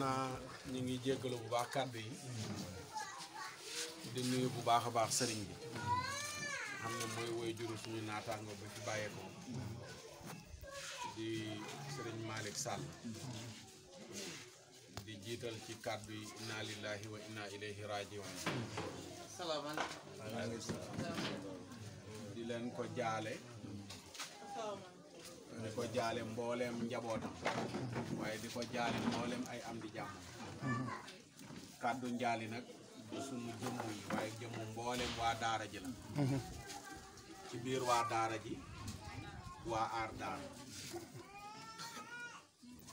naa ñu ngi jéggalu bu baax kàddu yi di nuyu bu baax a baax sëriñ bi xam ne mooy woy juru suñu naataango bi fi bàyyeekoo di sëriñ Malick Sall di jiital ci kàddu yi inna lillahi wa inna ilayhi rajiun di leen ko jaale di ko jaale mbooleem njabootam waaye di ko jaale mbooleem ay am di jàmm kàddu njaali nag du sunu jëmm yi waaye jëmm mbooleem waa daara ji la ci biir waa daara ji waa aar daara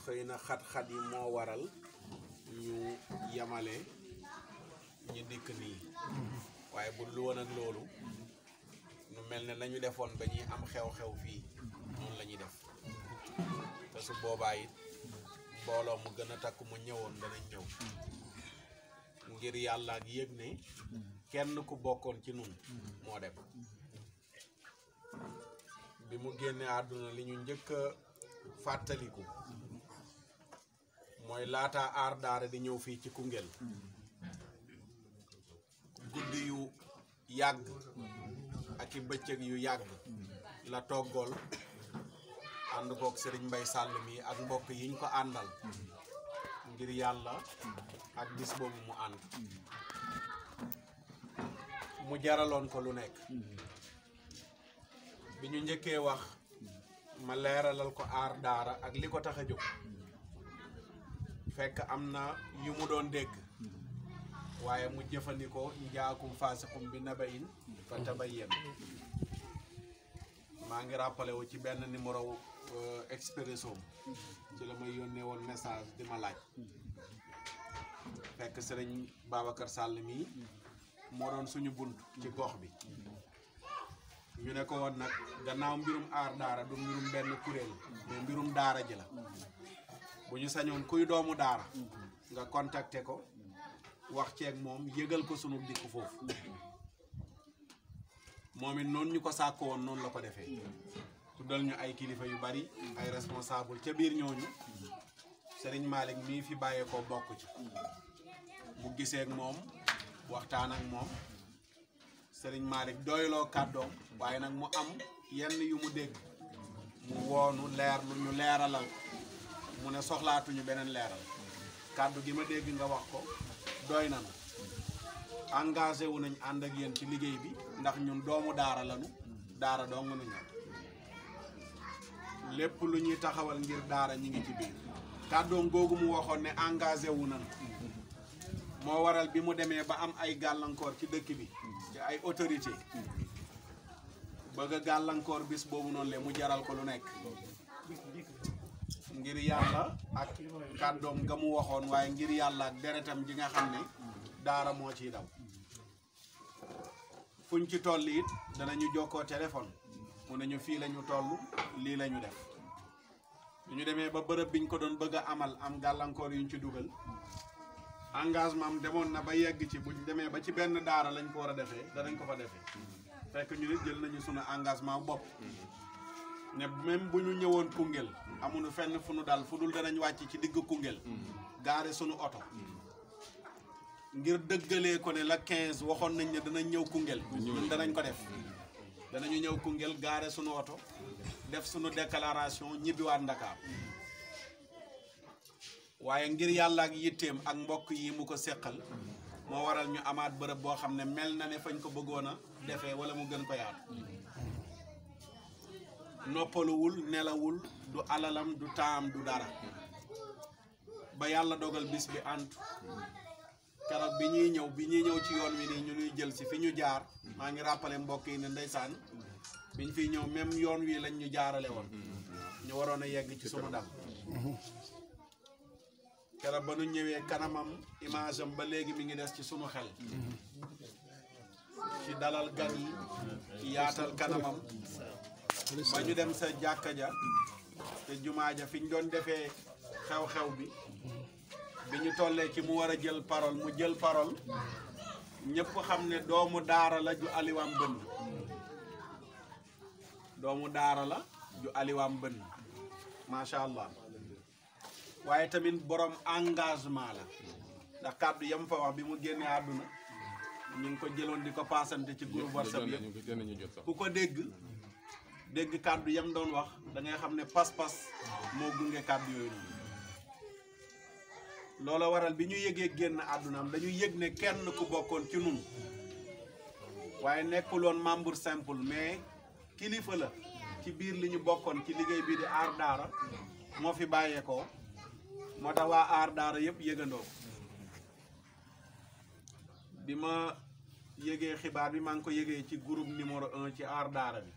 xëy na xat-xat yi moo waral ñu yamale ñu dikk nii waaye bu lu woon ak loolu nu mel ne lañu defoon ba ñuy am xew-xew fii noonu def te su boobaa it mbooloo mu gën a takk mu ñëwoon danañ ñëw ngir yàlla yëg ne kenn ku bokkoon ci nun moo dem bi mu génnee àdduna li ñu njëkk a fàttaliku mooy laata aar di ñëw fii ci Koungheul guddi yu yàgg ak i bëccëg yu yàgg la toggool ànd koog Serigne Mbaye sàll mi ak mbokk yi ñu ko àndal ngir yàlla ak bis boobu mu ànd mu jaraloon ko lu nekk bi ñu njëkkee wax ma leeralal ko aar daara ak li ko tax a jóg fekk am na yu mu doon dégg waaye mu jëfandikoo njaakum faasixum bi nabayin fa tabayyan maa ngi rappelé ci benn numéro euh, Expresso ci la may yónnee woon message di ma laaj fekk sëriñ Babacar Sall mii moo doon suñu bunt ci gox bi ñu ne ko woon nag gannaaw mbirum aar daara du mbirum benn kuréel mais mbirum daara ji la bu ñu sañoon kuy doomu daara nga contacté ko wax ceeg moom yëgal ko sunu dikk foofu moom it noonu ñu ko sàkk woon noonu la ko defee tuddal ñu ay kilifa yu bari ay responsable ca biir ñooñu sëriñ Malick mii fi bàyyeekoo bokk ci bu gisee moom waxtaan ak moom sëriñ Malick doyloo kàddoom waaye nag mu am yenn yu mu dégg mu woonu leer lu ñu leeralal mu ne soxlaatuñu beneen leeral kàddu gi ma dégg nga wax ko doy na engagé wu nañ ànd ak yéen ci liggéey bi ndax ñun doomu daara lañu daara dong nu ñor lépp lu ñuy taxawal ngir daara ñi ngi ci biir kàddoom googu mu waxoon ne engagé wu moo waral bi mu demee ba am ay gàllankoor ci dëkk bi ci ay autorité bëgg gàllankoor bis boobu noonu le mu jaral ko lu nekk ngir yàlla ak kàddoom ga mu waxoon waaye ngir yàlla ak deretam ji nga xam ne daara moo ciy daw fuñ ci toll it danañu jokkoo téléphone mu ne ñu fii la ñu toll lii la def bu ñu demee ba bërëb biñ ko doon bëgg a amal am gàllankoor yuñ ci dugal engagement demoon na ba yegg ci buñ demee ba ci benn daara lañ ko war a defee danañ ko fa defee fekk ñu nit jël nañu sunu engagement bopp ne même bu ñu ñëwoon Koungheul nu fenn fu nu dal fu dul danañ wàcc ci digg Koungheul mm-hmm. gaare sunu oto mm-hmm. ngir dëggalee ko ne la 15 waxoon nañ ne danañ ñëw Koungheul. ñun danañ ko def. danañu ñëw Koungheul gaare sunu woto def sunu déclaration ñibbiwaat Ndakaar waaye ngir yàlla ak yitteem ak mbokk yi mu ko seqal moo waral ñu amaat bërëb boo xam ne mel na ne fañ ko bëggoon a defee wala mu gën ko yaatu. noppaluwul nelawul du alalam du taam du dara ba yàlla dogal bis bi ànt keroog bi ñuy ñëw bi ñuy ñëw ci yoon wi nii ñu ñuy jël si fi ñu jaar maa ngi ràppale mbokk yi ne ndeysaan bi ñu fiy ñëw même yoon wii lañ ñu jaarale woon ñu waroon a yegg ci sumu dal keroog ba ñu ñëwee kanamam image ba léegi mi ngi des ci sunu xel ci dalal gan yi ci yaatal kanamam ba ñu dem sa jàkka ja te jumaa ja fi ñu doon defee xew-xew bi bi ñu tollee ci mu war a jël parole mu jël parole ñëpp xam ne doomu daara la ju aliwaam bënn doomu daara la ju aliwaam bënn macha allah waaye tamit boroom engagement la ndax kàddu yam fa wax bi mu génnee àdduna ñu ngi ko jëloon di ko paasante ci groupe WhatsApp yëpp ku ko dégg dégg kàddu yam doon wax da xam ne pas-pas moo gunge kàddu yooyu loola waral bi ñu yëgee génn àddunaam dañuy yëg ne kenn ku bokkoon ci nun waaye nekkuloon membre simple mais kilifa la ci biir li ñu bokkoon ci liggéey bi di aar daara moo fi bàyyeekoo moo tax waa aar daara yëpp yëgandoo bi ma yëgee xibaar bi maa ngi ko yëgee ci groupe numéro un ci aar daara bi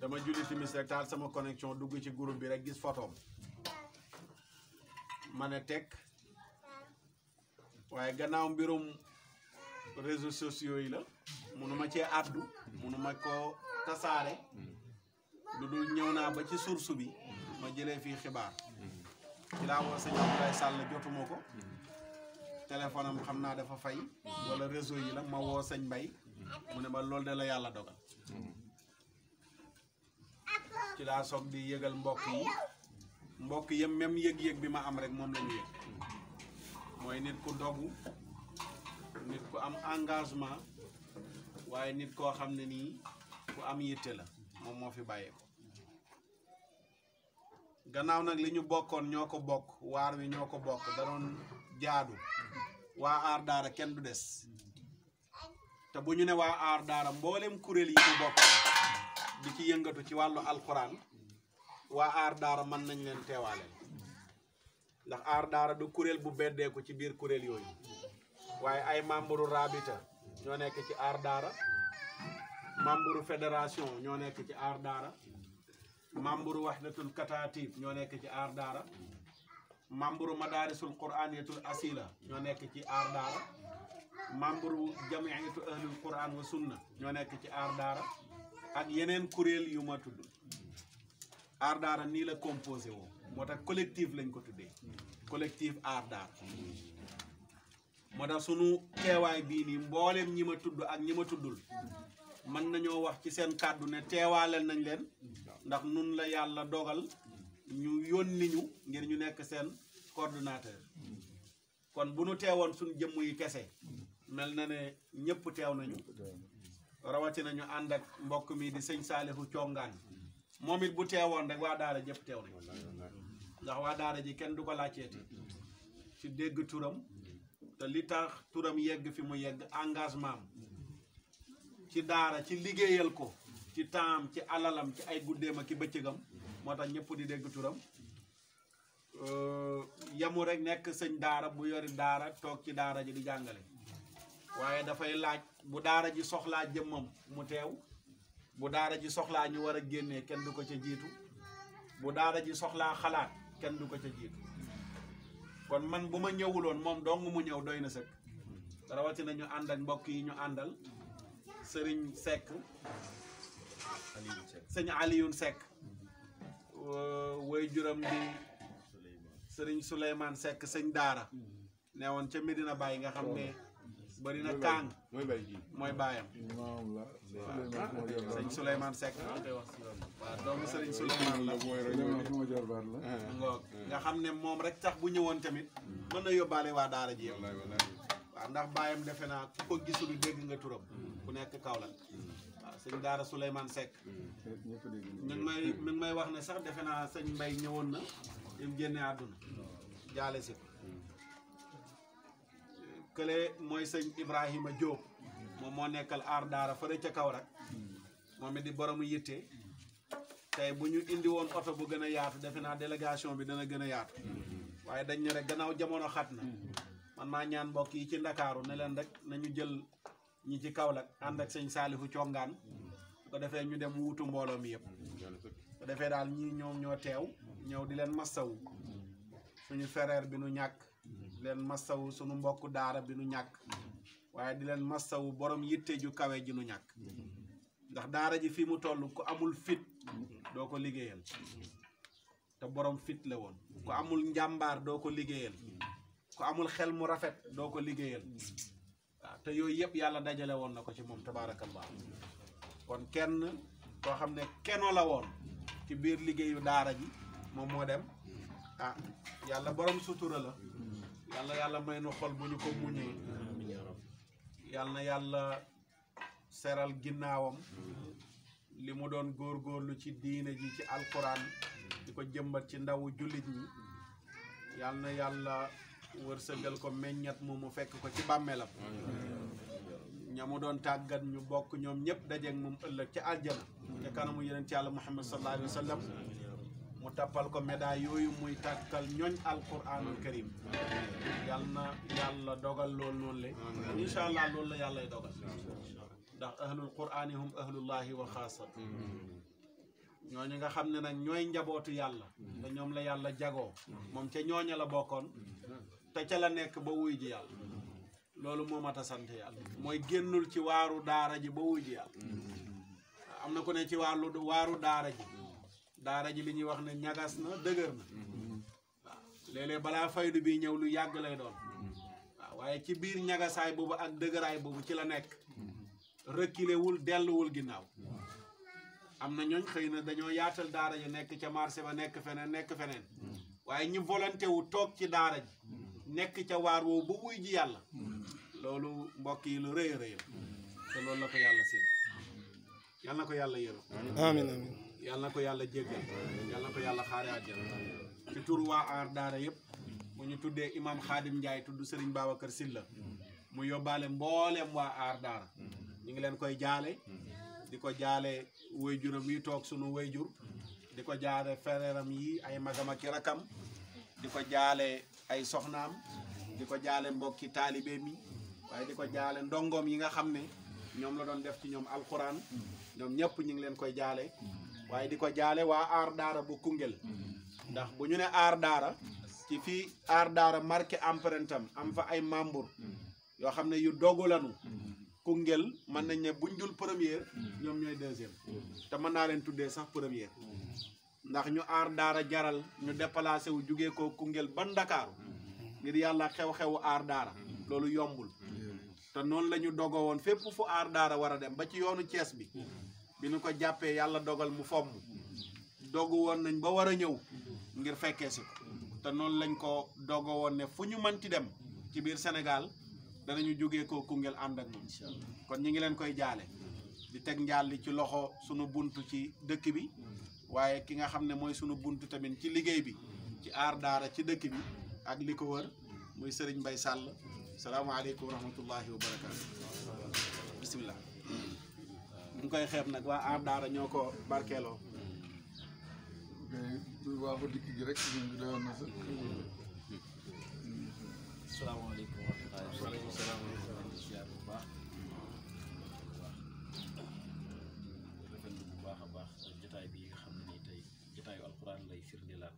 dama julli timis rek taal sama connexion dugg ci groupe bi rek gis photoom ma ne teg waaye gannaaw mbirum réseaux sociaux yi la munuma cee àddu munuma koo tasaare lu dul ñëw naa ba ci source bi ma jëlee fii xibaar ci laa woo sëñ Abdoulaye Sall jotuma ko téléphone am xam naa dafa fay wala réseau yi la ma woo sëñ Mbay mu ne ma loolu de la yàlla dogal ci laa soog di yëgal mbokk yi mbokk yam même yëg-yëg bi ma am rek moom la yëg mooy nit ku dogu nit ku am engagement waaye nit koo xam ne nii ku am yitte la moom moo fi bàyyee ko gannaaw nag li ñu bokkoon ñoo ko bokk waar wi ñoo ko bokk da doon jaadu waa aar daara kenn du des te bu ñu ne waa aar daara mboolem kuréel yi ñu bokk di ci yëngatu ci wàllu alxuraan waa aar daara mën nañ leen teewaaleel ndax aar daara du kuréel bu beddeeku ci biir kuréel yooyu waaye ay membre rabita ñoo nekk ci aar daara membre fédération ñoo nekk ci aar daara membre wahdatul kataatib ñoo nekk ci aar daara membre madarisul quraniyatul asila ñoo nekk ci aar daara membre jamiatu wa sunna ñoo nekk ci aar daara ak yeneen kuréel yu ma tudd aar daara nii la composé woo moo tax collectif lañ ko tuddee collectif aar daara moo tax sunu teewaay bii nii mbooleem ñi ma tudd ak ñi ma tuddul mën nañoo wax ci seen kàddu ne teewaaleel nañ leen ndax nun la yàlla dogal ñu yónni ngir ñu nekk seen coordonnateur kon bu nu teewoon suñ jëmm yi kese mel na ne ñëpp teew nañu rawatina ñu ànd ak mbokk mi di sëñ Saalihu Congaan moom it bu teewoon rek waa daara jëpp teew nañ ndax waa daara ji kenn du ko laajteeti ci dégg turam te li tax turam yegg fi mu yegg engagement am ci daara ci liggéeyal ko ci temps ci alalam ci ay guddeem ak ki bëccëgam moo tax ñëpp di dégg turam yamu rek nekk sëñ daara bu yori daara toog ci daara ji di jàngale waaye dafay laaj bu daara ji soxlaa jëmmam mu teew bu daara ji soxlaa ñu war a génnee kenn du ko ca jiitu bu daara ji soxlaa xalaat kenn du ko ca jiitu kon man bu ma ñëwuloon moom dong mu ñëw doy na sëkk rawatina ñu ànd ak mbokk yi ñu àndal sëriñ sekk sëñ Alioune sekk woy juram di sëriñ Souleymane sekk sëñ daara mm-hmm. newoon ca Medina bàyyi nga xam ne bari na Kaang mooy bay mooy baayam. maam la sëñ Souleymane Seck. waaw doomu sëriñ Souleymane la. Ah. ngoog ah. nga xam ne moom rek sax bu ñëwoon tamit hmm. mën na yóbbaale waa daara ji yow. waaw ndax baayam defe naa ku ko gisul dégg nga turam. Hmm. ku nekk Kaolack. Hmm. waaw sëñ Daara Souleymane Seck. ñu may mi may wax ne sax defe naa sañ Mbay ñëwoon na. im génne àdduna jaale si kële mooy sëñ Ibrahima Diop moom moo nekkal aar daara fële ca Kaolack moom it di borom yitte tey bu ñu indi woon oto bu gën a yaatu defe naa délégation bi dana gën a yaatu waaye dañ ne rek gannaaw jamono xat na man maa ñaan mbokk yi ci ndakaaru ne leen rek nañu jël ñi ci Kaolack ànd ak sëñ Saalihu Congaan bu ko defee ñu dem wuutu mbooloo mi yëpp bu defee daal ñii ñoom ñoo teew ñëw di leen massawu suñu fereer bi nu ñàkk di leen masawu sunu mbokku daara bi nu ñàkk waaye di leen masawu borom yitte ju kawe ji nu ñàkk ndax daara ji fii mu toll ku amul fit doo ko liggéeyal te borom fit woon ku amul njàmbaar doo ko liggéeyal amul xel mu rafet doo ko liggéeyal yooyu yëpp yàlla dajale woon na ko ci moom te tabaarakallah kon kenn koo xam ne keno la woon ci biir liggéeyu daara ji moom moo dem ah yàlla borom sutura la yàlla yàlla may nu xol bu ñu ko muñee yàlla na yàlla seral ginnaawam li mu doon góor góorlu ci diina ji ci alquran di ko jëmbat ci ndawu jullit ñi yàlla na yàlla wërsëgal ko meññat mu mu fekk ko ci bàmmeelam ña doon tàggat ñu bokk ñoom ñëpp dajeeg moom ëllëg ci aljana te kanamu yeneen ci yàlla muhammad sallallahu alayhi wa sallam mu tappal ko médaille yooyu muy tàkkal ñooñ alquranul karim yal na yàlla dogal loolu noonu le incha allah loolu la yàllay dogal ndax ahlul qurani hum ahlullahi wa xaasat ñooñu nga xam ne nag ñooy njabootu yàlla te ñoom la yàlla jagoo moom ca ñooña la bokkoon te ca la nekk ba wuy ji loolu moo mat a sant yàlla mooy génnul ci waaru daara ji ba wuy ji am na ku ne ci waaru daara ji daara ji li ñuy wax ne ñagas na dëgër na waaw léeg-léeg balaa faydu bi ñëw lu yàgg lay doon waaw waaye ci biir ñagasaay boobu ak dëgëraay boobu ci la nekk reculer wul delluwul ginnaaw am na ñooñ xëy na dañoo yaatal daara ji nekk ca marché ba nekk feneen nekk feneen waaye ñu volonté wu toog ci daara ji nekk ca waar woowu ba wuy ji yàlla loolu mbokk yi rëy rëy la te loolu ko yàlla séen yal na ko yàlla yërëm amiin amiin yal na ko yàlla jéggal yal na ko yàlla xaare àjjana ci tur waa aar daara yëpp mu ñu tuddee imam Khadim Ndiaye tudd Serigne Babacar Sylla mu yóbbaale mbooleem waa aar daara ñu ngi leen koy jaale di ko jaale wayjuram yi toog sunu wayjur di ko jaale fereeram yi ay magam ak rakam di ko jaale ay soxnaam di ko jaale mbokki taalibe mi waaye di ko jaale ndongoom yi nga xam ne ñoom la doon def ci ñoom alxuraan ñoom ñëpp ñu ngi leen koy jaale waaye di ko jaale waa aar daara bu Koungheul mm. ndax bu ñu ne aar daara ci fii aar daara marqué empreinte am fa ay membre mm. yoo xam ne yu dogu lanu mm. Koungheul mën nañ ne buñ dul première ñoom ñooy te mën naa leen tuddee sax première ndax ñu aar daara jaral ñu déplacé wu jugee ko Koungheul ba Ndakaaru ngir yàlla xew-xewu aar daara loolu yombul te noonu la ñu dogoo woon fépp fu aar daara war a dem ba ci yoonu Cees bi bi nu ko jàppee yàlla dogal mu fomm dogu woon nañ ba war a ñëw ngir fekkee si te noonu lañ ko dogo woon ne fu ñu mënti dem ci biir Sénégal danañu jógee ko Koungheul ànd ak moom kon ñi ngi leen koy jaale di teg njaal li ci loxo sunu bunt ci dëkk bi waaye ki nga xam ne mooy sunu buntu tamit ci liggéey bi ci aar daara ci dëkk bi ak li ko wër muy Serigne Mbaye Sall salaamaaleykum wa rahmatullahi wa barakaatu bisimilah. koy xeeb nag waa aar daara ñoo ko barkeeloo. ok waaw dikk gi rek ñun bu baax. a baax jotaay bi nga xam ne tey jotaayu alquran lay firndeelaat.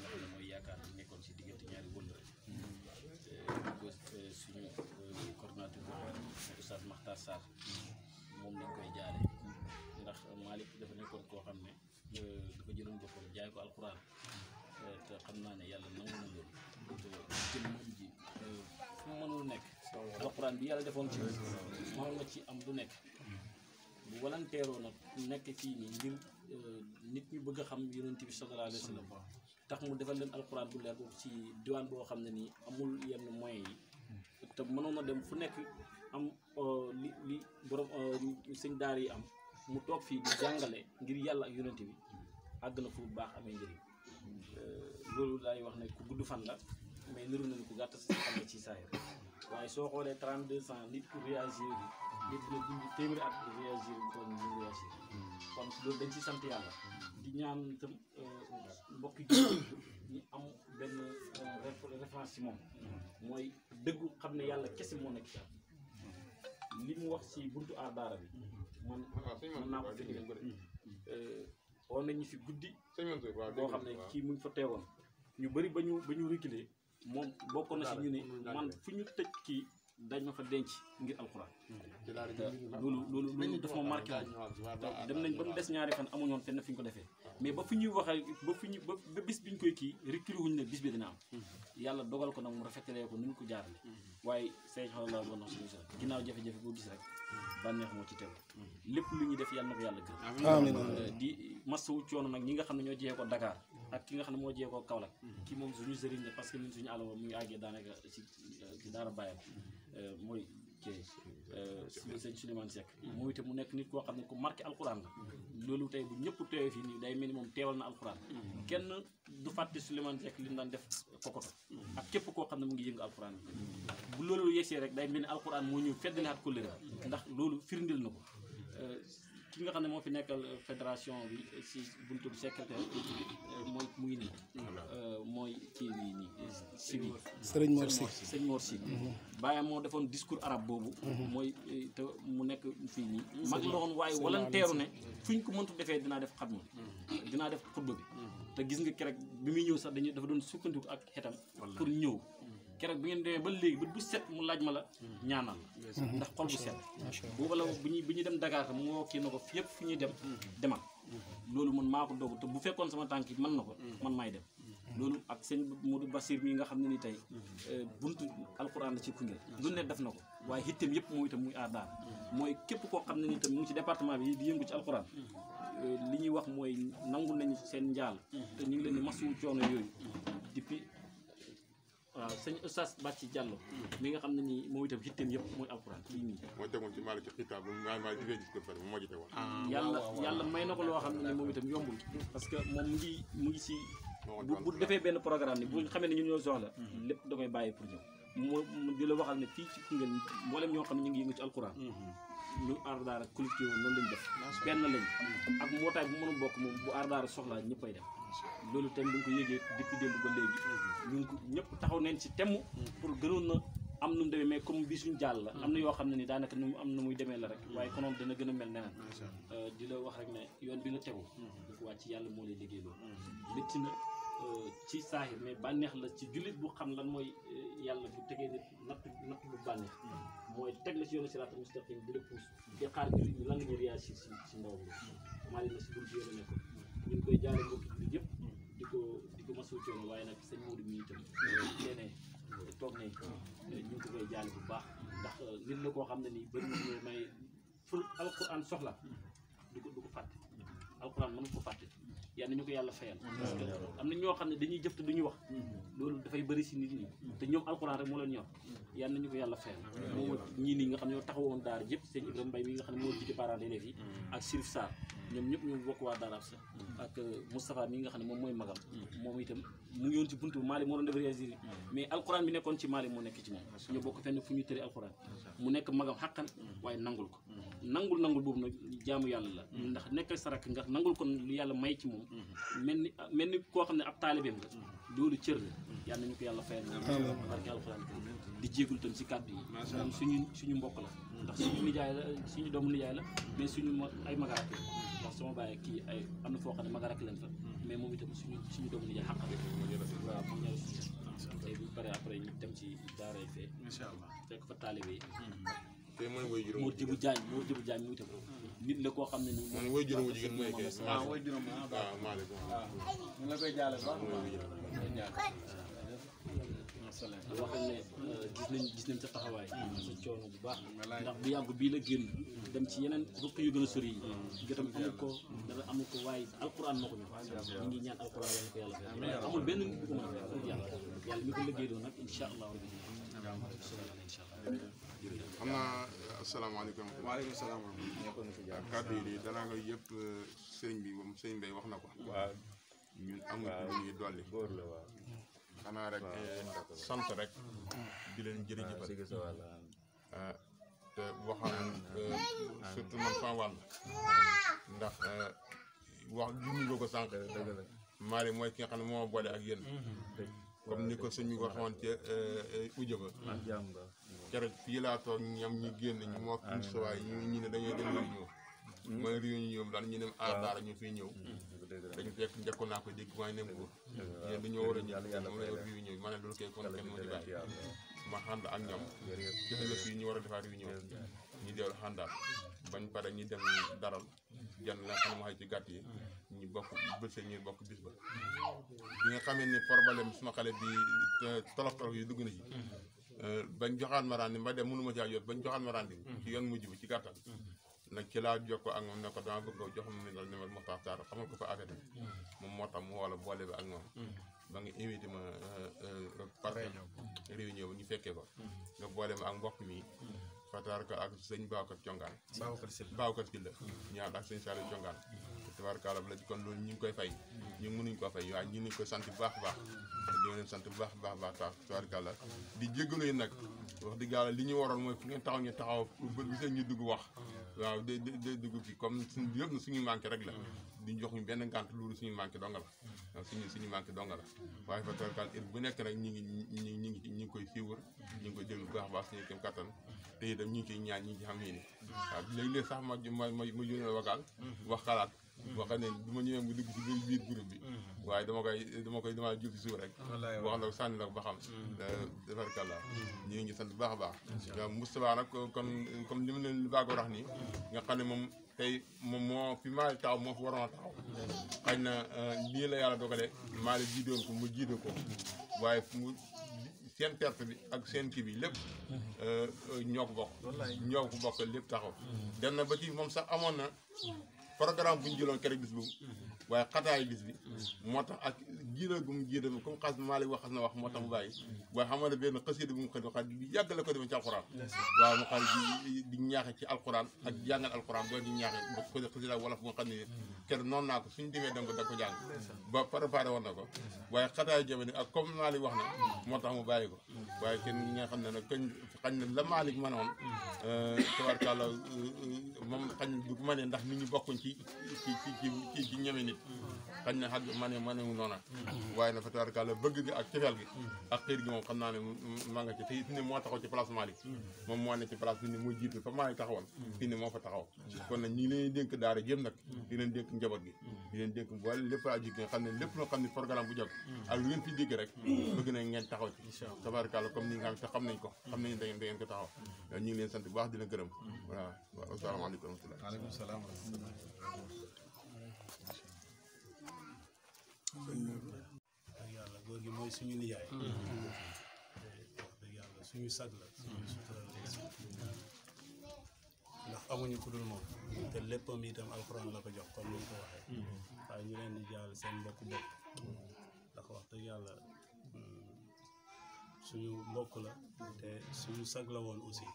dëggal mooy yaakaar bi nekkoon si diggante ñaari wëllëre. suñu coordonnateur bu Oustaz Makhtar moom dañ koy jaale ndax Malick dafa nekkoon koo xam ne euh, dafa jëloon boppam jaay ko alxuraan euh, xam naa ne yàlla nangu na loolu te jëmm ji euh, fu mu mënul nekk bi yàlla defoon ci mënoon na ci am bu nekk bu walanteeroo nag nekk fii nii ngir nit ñu bëgg xam yonent bi sallallahu alayhi wa tax mu defal leen alxuraan bu leer ci diwaan boo xam ne nii amul yenn moyens yi te mënoon dem fu nekk am Euh, li li borom euh, sëñ daar yi am mu toog fii di jàngale ngir yàlla ak yonent bi àgg na fu baax amee njëriñ euh, loolu laay wax ne ku gudd fan la mais niru nañu ku gàtt si xam ci saayir waaye soo xoolee trente deux cent nit ku réagir bi nit dina dund téeméeri at réagir bu kon ñu réagir kon loolu dañ ci sant yàlla di ñaan itam mbokki ji ñu am benn référence ci moom mooy dëggu xam ne yàlla kese moo nekk ci li mu wax ci buntu aar daara bi man man naa ko fekkee ko de mm-hmm. euh, woon nañu fi guddi boo xam ne kii mu ngi fa teewoon ñu bëri ba ñu ba ñu reculer moom bokkoon na si ñu ne man fu ñu tëj kii dañ ma denc ngir alxuraan mm-hmm. loolu loolu loolu daf ma marqué woon dem nañ ba mu des ñaari fan amuñoon fenn fi ñu ko defee mais ba fi ñuy waxee ba fi ñu ba bis bi ñu koy kii recul wuñ ne bis bi dina am. yàlla dogal ko nag mu rafetalee ko nu ñu ko jaarale. waaye say xarala ba nox boo gis rek. bànneex moo ci tegu. lépp lu ñuy def yàlla na ko yàlla gën. amiin euh, ñi nga xam ne ñoo jiyee ko dakaar ak ki nga xam ne moo jiyee ko Kaolack. ki moom suñu sëriñ la parce que ñun suñu àll mu ngi àggee daanaka ci daara bàyyam euh, mooy. Euh, si sëñ Souleymane Seck moom itam mu nekk nit koo xam ne ku marqué alxuraan la loolu tey bu ñëpp teewee fii nii day mel ni moom teewal na alxuraan mm-hmm. kenn du fàtte Souleymane Seck li mu daan def kokoto ak képp koo xam ne mu ngi yëngu alxuraan bu loolu yegsee rek day mel ni alxuraan moo ñëw feddali xat ko lëre ndax loolu firndil na ko euh, ki nga xam ne moo fi nekkal fédération bi si buntu bi secrétaire euh, mooy muy nii euh, mooy kii bii nii si bi sëriñ Mor Si sëriñ Mor Si mhm. bàyyam moo defoon discours arab boobu mhm. mooy euh, te mu nekk fii nii mag la woon waaye walanteeru ne fu ñu ko mëntu defee dinaa def xatma mhm. dinaa def xutba bi te gis nga kerek bi muy ñëw sax dañuy dafa doon sukkandiku ak xetam pour ñëw keroog bi ngeen demee ba léegi bët bu set mu laaj ma la ñaanal mm-hmm. ndax xol bu set boobu la bu ñu bi ñuy dem Dakar tam mu kii na ko yëpp fu ñuy dem mm-hmm. demal mm-hmm. loolu man maa ko doog te bu fekkoon sama tànk man na ko man maay dem loolu ak sëñ Modou Bassir mi nga xam ne ni tey euh, buntu alxuraan la ci Koungheul lu ne def na ko waaye xitteem yëpp mooy muy aar daara képp koo xam ne ni itam mu ngi ci département bi di yëngu ci alxuraan euh, li ñuy wax mooy nangu nañu seen njaal te ñu ngi leen di masuwu coono yooyu sëñ Oustaz Bàcci Diallo mi nga xam ne nii moo itam xitteem yëpp mooy alxuraan fii nii moo tegoon ci maalo ci xitaab ma ma jigéen yàlla yàlla may na ko loo xam ne ni moom itam yombul parce que moom mu ngi mu ngi si bu bu defee benn programme ni bu mm-hmm. xamee ne ñun ñoo soxla mm-hmm. lépp da koy bàyyi pour ñëw mu di la waxal ne fii ci Koungheul mboolem ñoo xam ne ñu ngi yëngu ci alxuraan mm-hmm. ñu aar daara collectif noonu lañ def benn lañ ak mbootaay bu mënu bokk moom bu aar daara soxlaa ñëppay dem loolu itam bu ñu ko yëgee depuis démb ba léegi ñu ñëpp taxaw nañ ci temm pour gënoon na am nu mu demee mais comme bi suñ jàll la am na yoo xam ne ni daanaka nu am na muy demee la rek waaye konoon dana gën a mel neneen euh, di la wax rek ne yoon bi nga tegu da ko wàcc yàlla moo lay liggéey loolu métti na euh, ci saaxir mais bànneex la ci jullit bu xam lan mooy euh, yàlla bu tegee nit natt natt bu bànneex mooy teg la ci yoonu siraatal mustaqim la si si ndaw bi maa leen na si a ñu ngi koy jaale mbokki jullit yëpp di ko di ko masu coono waaye nag sëñ Modou mi itam teene toog ne ñu ngi ko koy jaale bu baax ndax nit la koo xam ne nii bëri na may fu alquran soxla du ko du ko fàtte alquran mën ko fàtte yal na ñu ko yàlla fayal am na ñoo xam ne dañuy jëf te duñu wax loolu dafay bëri si nit ñi te ñoom alxuraan rek moo leen ñor yal na ñu ko yàlla fayal moom ñii nii nga xam ne ñoo taxawoon daar jëpp sëñ Ibrahima Mbaye mi nga xam ne moo jiite parents d'élèves yi ak Sirif Sarr ñoom ñëpp ñoo bokk waa Daara Afsa ak euh, Moustapha mi nga xam ne moom mooy magam mm. moom itam mu ngi yoon ci buntu moo doon def réagir mm. mais alxuraan bi nekkoon ci Mali moo nekk ci moom ñu bokk fenn mm. la ndax nekk sarak nga koo xam ko yàlla la ndax suñu nijaay la suñu doomu nijaay la mais suñu ay magaraat sama bàyyi kii ay am na foo xam ne maga a rakk leen fa mais moom itam suñu suñu doomu ni xaq bi waaw mu bu paree après ñu dem ci daara yi fee incha allah fekk fa taalibe yi tey mooy woy juróom Mor Diabou Diagne Mor mu itam nit la koo xam ne ni man woy juróom jigéen mooy kay waaw woy juróom waaw Malick waaw ñu la koy jaale baax wax ne euh, gis nañ gis taxawaay mm. bu baax ndax bu yàgg bii la génn dem ci yeneen rukk yu gën a sori yi jotam mm. amul ko mm. dara amul ko waaye alquran moo ko ñu ñu ngi ñaan alquran yàlla ko yàlla fay amul benn nit bu ko a fay yàlla yàlla mi ko danaa nga yëpp euh, sëñ bi moom sëñ Mbaye wax na ko ñun amul lu ñuy dolli xanaa rek eh, sant rek di leen jërëjëfal eh, te waxaan eh, surtout man sama wàll ndax wax junni nga ko sànq maari mooy ki xam ne moo boole ak yéen comme ni ko sëñ bi waxoon ca ujë ba keroog fii laa toog ñam ñu génn ñu moo kiñ sowaay ñu ñu ne dañuy dem réunion mooy hmm. réunion ñoom daal ñu dem aadaara ñu fiy ñëw hmm. dëgg njëkkoon naa koy dégg waaye nekkul. Euh, yéen dañoo war a ñëw moom la yor réunion bi maanaam loolu kay kon kenn moo di bàyyi ma ànd ak ñoom jëfandikoo yi ñu war a defaat réunion ñu dellu àndaat bañ pare ñu dem daral jënd la xam ne ci gàtt yi ñu bokk bés ñuy bokk bis ba bi nga xamee ni problème suma xale bi tolof tolof yi dugg na ci mm-hmm. euh, bañ joxaat ma rendi ma dem mënuma caa jot bañ joxaat ma rendi mm-hmm. ci yoon mujj bi ci gàttal mm-hmm. nag ci laa jox ko ak moom ne ko dama bëgg jox ma numéro numéro Mokhtar Sarr xamal ko fa affaire bi mm-hmm. moom moo tax mu wala boole bi ak moom mm-hmm. ba nga invité ma euh, euh, par réunion bi mm-hmm. ñu fekkee ko nga boole ma ak mbokk mi fataar ko ak sëñ Babacar Congaan Babacar Sylla ñaar ak sëñ Saliou Congaan tabarkaala la ci kon loolu ñu ngi koy fay ñu mënuñ ko fay waaye ñu ngi koy sant bu baax baax di leen sant bu baax baax baax tax tabarkaala di jégalu nag wax dëgg yàlla li ñu waroon mooy fu ngeen taxaw ñu taxaw bët bi seen ñu dugg wax waaw day day dugg fii comme suñ suñu manqué rek la mm. duñ jox ñu benn ngànt loolu mm. suñu manqué donga la suñu suñu manqué donga la waaye fa tarkal heure bu nekk nag ñi ngi ñi ñi ngi ñi ngi koy siiwar mm. ñi ngi koy déglu bu baax baax suñu kattan te itam ñi ngi ciy ñaan ñi ngi ci xam yéene waaw léeg-léeg sax ma ma ma yónnee la wakaal wax xalaat boo xam ne du ma ñëwee mu dugg ci biir biir groupe bi mm-hmm. waaye dama koy dama koy dama jóg ci suuf rek wax la sànni la ko ba xam mm-hmm. euh, tabarkalla mm-hmm. ñu ngi sant bu baax a baax Moustapha nag kon comme li ma leen baagoo wax nii nga xam ne moom tey moom moo fi maa taaw moo fi waroon a taaw xëy na euh, lii la yàlla dogalee maa la ko mu jiido ko waaye mu seen perte bi ak seen kii bi lépp euh, ñoo ko bokk ñoo ko bokk lépp taxaw dem na ba ci moom sax amoon na programme bu ñu jëloon keroog bis boobu mhm. waaye xataayu bis mhm. moo tax jiital gu mu jiital comme xas Maalik wax xas na wax moo tax mu bàyyi mm. waaye xam ne benn xasida bu mu xëy waxaat di yàgg la ko demee ci alxuraan waaw mu xam di di ñaaxe ci alxuraan ak mm. jàngal ko xasida ne mm. kenn naa ko suñu demee danga da ko jàng ba préparé woon na ko waaye xataay jamono ak comme Maalik wax na moo tax mu bàyyi ko waaye kenn ñi nga xam ne nag kañ xañ na la Maalik mënoon euh, tabarkàlla euh, euh, moom xañ du ko mënee ndax nit ñi bokkuñ ci ci ci ci ci nit xañ na xaj ma ne ma ne mu noona waaye na fa tabarkàlla bëgg gi ak gi ak xiir gi moom xam naa ne maa nga ci te it ne moo taxaw ci place Malick moom moo ne ci place bi ne moo jiitu fa Malick taxawoon fii ne moo fa taxaw kon nag a jig lépp loo xam ne programme bu jóg ak lu ngeen fi dégg rek bëgg nañ comme ni nga xam te xam ko xam nañ da ngeen da ngeen ko taxaw ñu ngi leen sant bu baax di leen gërëm yàlla góor gi mooy suñu nijaay mm-hmm. yàlla suñu sag la suñu sutural ndax amuñu ku moom te léppam itam alxuraan la ko jox comme ni ñu ko waxee mm-hmm. waaye ñu leen di jaal seen mbokk bopp mm-hmm. ndax wax dëgg yàlla mm, suñu mbokk la te suñu sag la woon aussi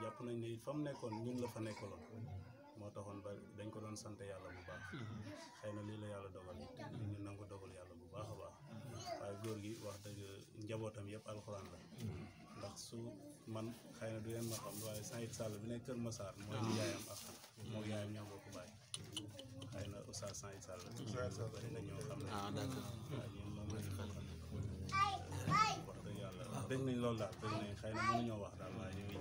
jàpp nañ ne fa mu nekkoon ñun la fa nekkaloon moo taxoon ba dañ ko doon sant yàlla bu baax xëy na lii la yàlla dogal yi ñu nangu dogal yàlla bu baax a baax waaye góor gi wax dëgg njabootam yëpp alxuraan la ndax su man xëy na du leen ma xam waaye Saïd Sall bi nekk Kër Massar mooy ñu ah. yaayam ak moo yaayam ñoo bokk bàyyi xëy na Oustaz Saïd Sall na ñoo xam ne ah, waaye wax dëgg yàlla dëgg nañ loolu daal dëgg nañ xëy na mënuñoo wax daal waaye ñu ngi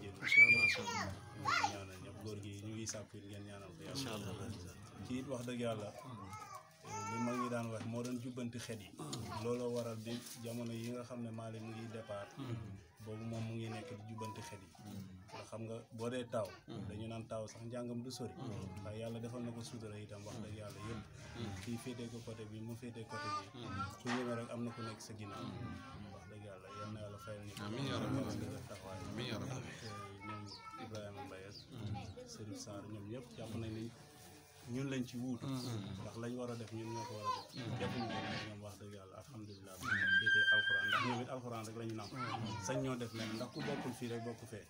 jéem ñaanal ñëpp góor gi ñu ngi sàkku ngeen ñaanal ko yàlla ci it wax dëgg yàlla mu mag ñi daan wax moo doon jubbanti xet yi looloo waral bi jamono yi nga xam ne Malick mu ngi départ boobu moom mu ngi nekk di jubbanti xet yi nga xam nga boo dee taaw dañu naan taaw sax njàngam du sori ndax yàlla defal na ko sutura itam wax dëgg yàlla yëpp kii féetee ko côté bi mu féetee côté bi ku ñëwee rek am na ku nekk sa ginnaaw wax dëgg yàlla yal na yàlla fayal ñu amiin yaa rabbi taxawaay Ibrahima Mbaye ak Serif Sarr ñoom ñëpp jàpp nañ ni ñun lañ ci wuutu ndax lañ war a def ñun ñoo ko war wax dëgg yàlla alhamdulilah déetee alxuraan ndax ñoom it alxuraan rek la ñu sañ ñoo def leen ndax ku bokkul fii rek bokk fee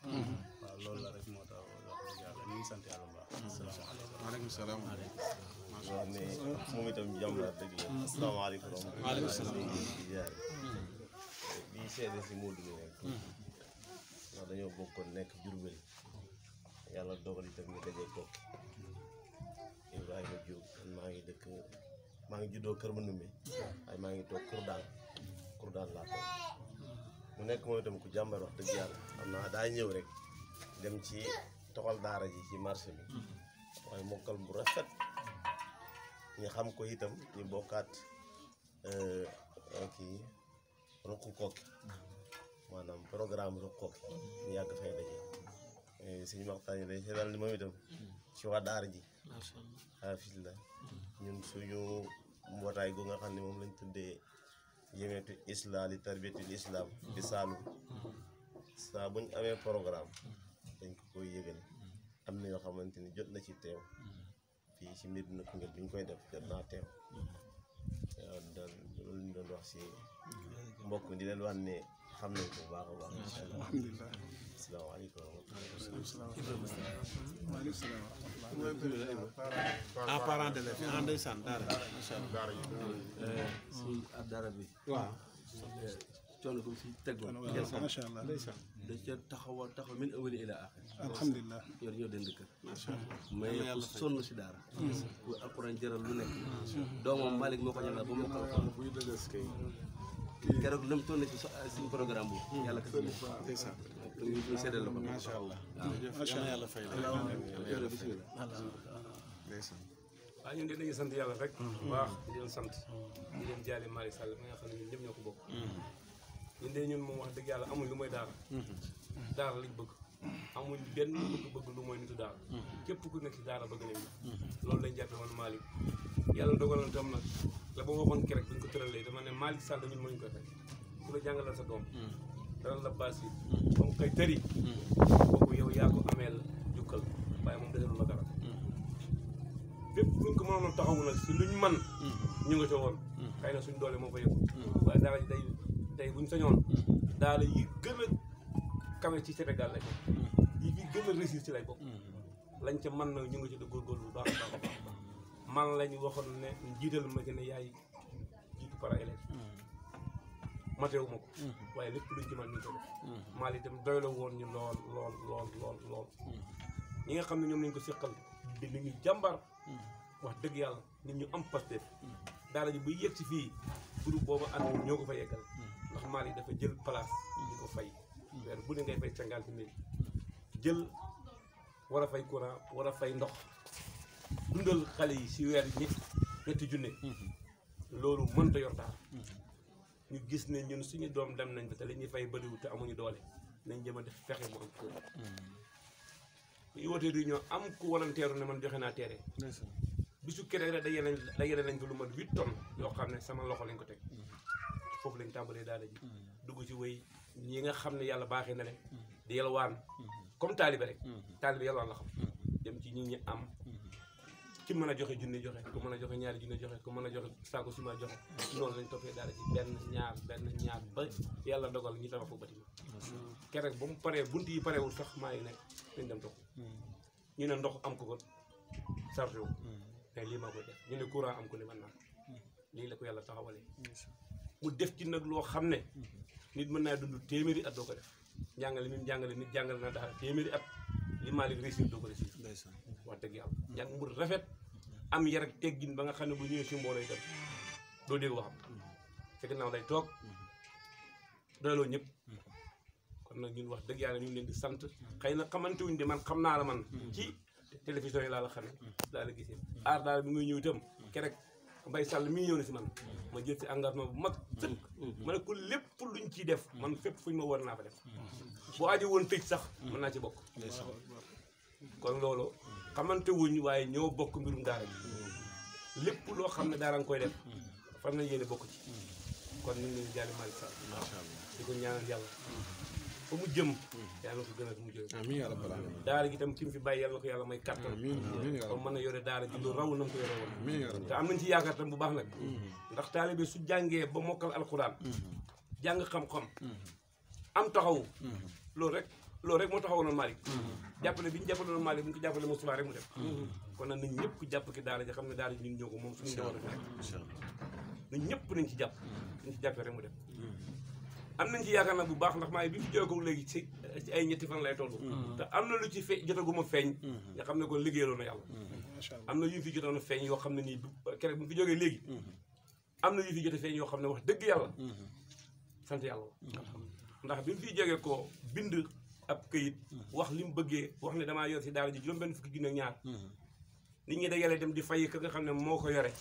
waaw loolu la rek moo tax wax dëgg yàlla ñu ngi sant yàlla bu baax asalaamaaleykum maaleykum salaam waaw mais moom itam jàmbaar dëgg la mm-hmm. asalaamaaleykum maaleykum salaam di seede si Modou Lo rek mm-hmm. ndax dañoo bokkoon nekk Jurbel yàlla dogal itam ñu dajee Kokki Ibrahima Diop maa ngi dëkk maa ngi juddoo Kër Manumbe waaye maa ngi doog Kour Daal laa toog mu nekk moom itam ku jàmbar wax dëgg yàlla xam naa daa ñëw rek dem ci toxal daara ji ci marché bi mokkal bu rafet ñu xam ko itam ñu bokkaat euh, kii Kokki maanaam programme Roxo ñu yàgg fay daje eh, suñu waxtaan yi day seetal ji xaafis la ñun mbootaay gu nga xam ne moom lañ tuddee yëmeetu islam li tarbiyatul islam di Saalum saa buñ amee programme dañ ko koy yëgal am na yoo xamante ni jot na ci teew fii ci mbir na Koungheul bi ñu koy def jot naa teew mm-hmm. loolu ñu doon wax si mbokk di leen wax ne xam nañ ko bu baax a baax. macha allah alhamdulilah. asalaamaaleykum wa rahmatulah. waaleykum salaam wa rahmatulah. en ah, parent de l'élève en ah, ndeysaan daara. macha allah eh, suñ ab daara bi. waaw. Eh, coono ko si tegoon. macha allah ndeysaan. da ca taxaw taxaw min awali ila axir. alhamdulilah yor ñoo dend kër. macha allah mais yàlla sonn si daara. ku alquran jaral lu nekk. doomam Malick moo ko ñaanal ba mu ko. keroog lëmtoon na ci suñu programme boobu. Hmm. yàlla ko ñu seddal la ko. macha allah macha allah yàlla fay la. waaw ñun de dañuy sant yàlla rek. Hmm. bu baax di leen sant. di nga xam ne ñun ñëpp ñoo ko bokk. Hmm. ñun de ñun moom wax dëgg yàlla amuñ lu mooy daara. daara lañ bëgg. amuñ benn bëgg-bëgg lu mooy nitu daara. képp ku nekk ci daara bëgg nañ la loolu lañ jàppe woon Malick yàlla dogaloon tam nag la ba waxoon kerek buñ ko tëralee dama ne Malick Sall ñun mënuñ ko fekk ku la jàngalal sa doom hmm. daral la baas yi ba mu koy tëri hmm. kooku yow yaa ko ameel jukkal waaye moom desalu la dara hmm. bépp buñ ko mënoon taxawu nag si luñ man ñu nga ca woon xëy na suñ doole moo fa yëpp waaye daara ji day tey buñ sañoon daara yi gën a ci Sénégal lay yi fi gën a ci lay bokk lañ ca man nag ñu ngi ci di góorgóorlu bu baax a baax a baax man lañ waxoon ne jiital ma ci ne yaay jiitu para élève mm-hmm. mateewu ma ko mm-hmm. waaye lépp luñ ci man ñu ko def mm-hmm. maal itam doy woon ñu lool lool lool lool lool ñi nga xam ne ñoom lañ ko seqal di li ñu jàmbar wax dëgg yàlla nit ñu am Pastef daara ji bu yegg si fii boobu ànd ñoo ko fa yeggal yi dafa jël place ko fay bu ne ngay fay cangaal ci mil war a fay courant war a fay ndox dundal xale yi si weer nit ñetti junne mhm. loolu mënta yor daal mhm. ñu gis ne ñun suñu doom dem nañ ba te li ñuy fay bëriwul te amuñu doole nañ jëm a def fexe mu am courant mhm. ñuy am ku volontaire ne man joxe naa teere bisu keree rek dajale nañ dajale nañ ko lu mat huit tonnes yoo xam ne sama loxo lañ ko teg foofu lañ tàmbalee daal ji dugg ci wéy ñi nga xam ne yàlla baaxe na leen di yalwaan comme taalibe rek. Mm-hmm. taalibe yàlla la xam. Mm-hmm. dem ci ñi ñi am. Mm-hmm. ki mën a joxe junne joxe ku mën a joxe ñaari junne joxe ku mën a joxe saako suma joxe noonu lañ toppee daal ci benn ñaar benn ñaar ba yàlla dogal ñu tabax ko bâtiment keroog ba mu paree bunt yi parewul sax maa ngi nekk dañ dem dox ñu ne ndox am ko ko sarto tey lii maa koy def ñu ne courant am ko ne man naa lii la ko yàlla taxawalee mu def ci nag loo xam ne nit mën naa dund téeméeri at doo ko def njàngale mi mu jàngale nit jàngale na daal téeméeri at li Malick réussir doo ko réussir wax dëgg yàlla jàng mbur rafet am yar ak teggin ba nga xam ne bu ñëwee si mbooloo itam doo dégg waxam fekk naa lay toog doyloo ñëpp kon nag ñun wax dëgg yàlla ñu ngi leen di sant xëy na xamante wuñ de man xam naa la man ci télévision yi laa la xamee laa la gisee aar daal bi ngay ñëw itam kerek Mbaye Sall mii ñëw na si man ma jël si engagement bu mag sëkk ma ne ko lépp luñ ciy def man fépp fuñ ma war naa fa def boo aji woon tëj sax mën naa ci bokk kon loolu xamante wuñ waaye ñoo bokk mbirum daara ji lépp loo xam ne daara nga koy def fan la yéene bokk ci kon ñu ngi leen di ko ñaanal yàlla fa mu jëm yàlla na ko gën a mu jëm amiin yàlla balaa daara gi tam ki mu fi bàyyi yàlla na ko yàlla may kattan comme mën na yore daara ji lu raw na mu ko yore woon te am nañ ci yaakaar tam bu baax nag ndax taalibe su jàngee ba mokkal alxuraan jàng xam-xam am taxawu. Mm-hmm. loolu rek loolu rek moo taxawoonoon Malick. Mm-hmm. jàppale bi ñu jàppale woon Malick bu ñu ko jàppale Moustapha rek mu def. Mm-hmm. kon nag nañ ñëpp ku jàpp ki daara xam ne daara ji ñun ñoo ko moom suñu njaboot a ñëpp nañ ci jàpp. nañ rek mu dem am nañ ci yaakaar nag bu baax ndax maa bi ñu léegi ci ci ñetti fan lay toll. te na lu ci fe jotaguma feeñ. xam ne kon liggéeyaloon na yàlla. am na yu fi jotoon a yoo xam ne nii keroog bu ñu fi jógee léegi. am na yu fi jot feeñ yoo xam ne wax dëgg yàlla sant yàlla ndax bi mu fiy jógee koo bind ab këyit wax li mu bëggee wax ni damaa yor si daara ji juróom benn fukki junne ak ñaar nit ñi dajale dem di fay ka nga xam ne moo ko yore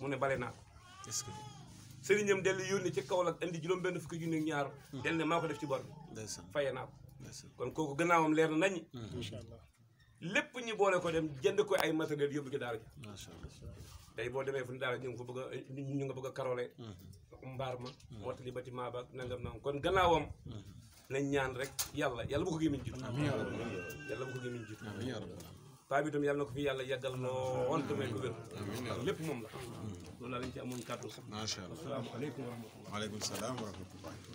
mu ne bale naa ko est-ce dellu yónni ci Kaolack indi juróom benn fukki junne ak ñaar hmm. del ne maa ko def ci bor faye naa ko kon kooku gannaawam leer na nañ hmm. lépp ñu boole ko dem jënd ko ay matériel yóbbu ci daara ji tey boo demee fu ñu daal ñu ngi fa bëgg a ñu nga bëgg a karole mm-hmm. mbaar ma moo tali bâtiment ba nangam nangam kon gannaawam mm-hmm. nañ ñaan rek yàlla yàlla bu ko gémmiñ jiitu yàlla bu ko gémmiñ jiitu paa bi itam yàlla na ko fi yàlla yàggal lool te may ko wér lépp moom la mm-hmm. loolu laa lañ ci amoon kàddu sax macha allah asalaamaaleykum wa rahmatulah waaleykum salaam wa